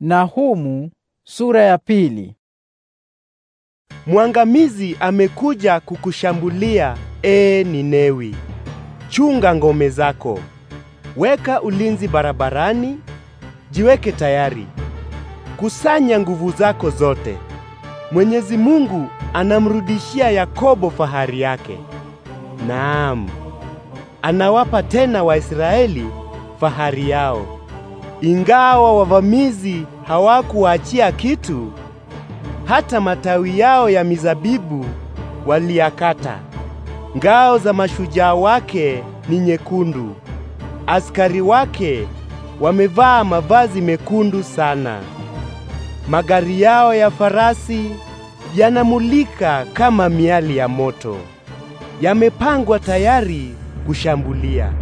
Nahumu sura ya pili. Mwangamizi amekuja kukushambulia, ee Ninewi. Chunga ngome zako. Weka ulinzi barabarani, jiweke tayari. Kusanya nguvu zako zote. Mwenyezi Mungu anamrudishia Yakobo fahari yake. Naam. Anawapa tena Waisraeli fahari yao. Ingawa wavamizi hawakuachia kitu, hata matawi yao ya mizabibu waliyakata. Ngao za mashujaa wake ni nyekundu, askari wake wamevaa mavazi mekundu sana. Magari yao ya farasi yanamulika kama miali ya moto, yamepangwa tayari kushambulia.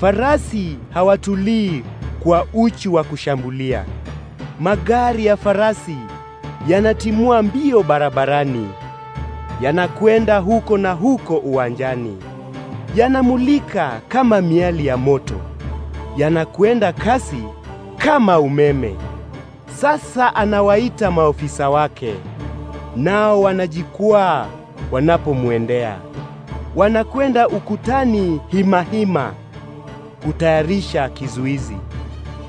Farasi hawatulii kwa uchi wa kushambulia. Magari ya farasi yanatimua mbio barabarani, yanakwenda huko na huko uwanjani, yanamulika kama miali ya moto, yanakwenda kasi kama umeme. Sasa anawaita maofisa wake, nao wanajikwaa wanapomwendea, wanakwenda ukutani himahima hima, kutayarisha kizuizi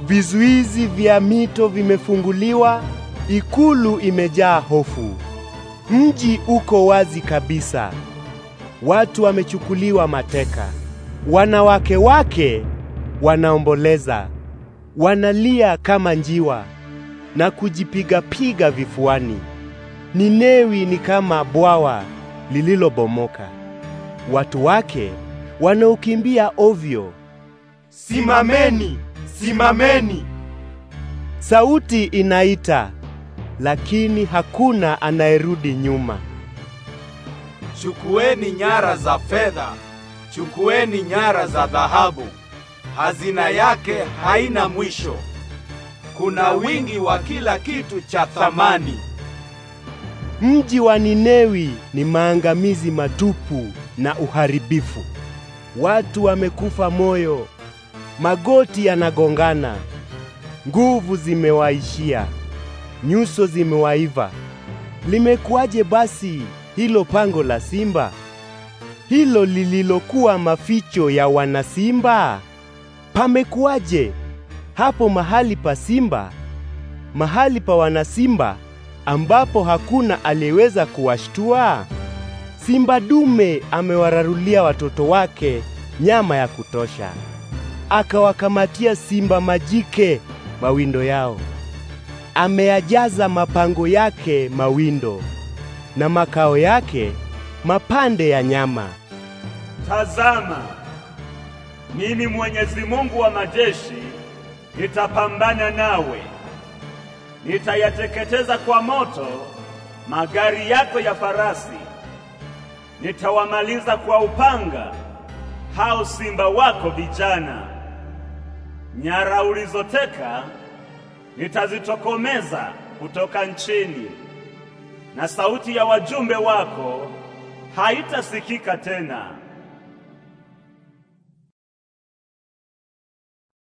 vizuizi vya mito vimefunguliwa, ikulu imejaa hofu. Mji uko wazi kabisa. Watu wamechukuliwa mateka. Wanawake wake wanaomboleza, wanalia kama njiwa na kujipiga-piga vifuani. Ninewi ni kama bwawa lililobomoka. Watu wake wanaukimbia ovyo. Simameni! simameni! Sauti inaita, lakini hakuna anayerudi nyuma. Chukueni nyara za fedha, chukueni nyara za dhahabu, hazina yake haina mwisho. Kuna wingi wa kila kitu cha thamani. Mji wa Ninewi ni maangamizi matupu na uharibifu. Watu wamekufa moyo magoti yanagongana, nguvu zimewaishia, nyuso zimewaiva. Limekuwaje basi hilo pango la simba, hilo lililokuwa maficho ya wanasimba? Pamekuwaje hapo mahali pa simba, mahali pa wanasimba ambapo hakuna aliyeweza kuwashtua? Simba dume amewararulia watoto wake nyama ya kutosha akawakamatia simba majike mawindo yao. Ameyajaza mapango yake mawindo, na makao yake mapande ya nyama. Tazama, mimi Mwenyezi Mungu wa majeshi nitapambana nawe, nitayateketeza kwa moto magari yako ya farasi, nitawamaliza kwa upanga hao simba wako vijana. Nyara ulizoteka nitazitokomeza kutoka nchini, na sauti ya wajumbe wako haitasikika tena.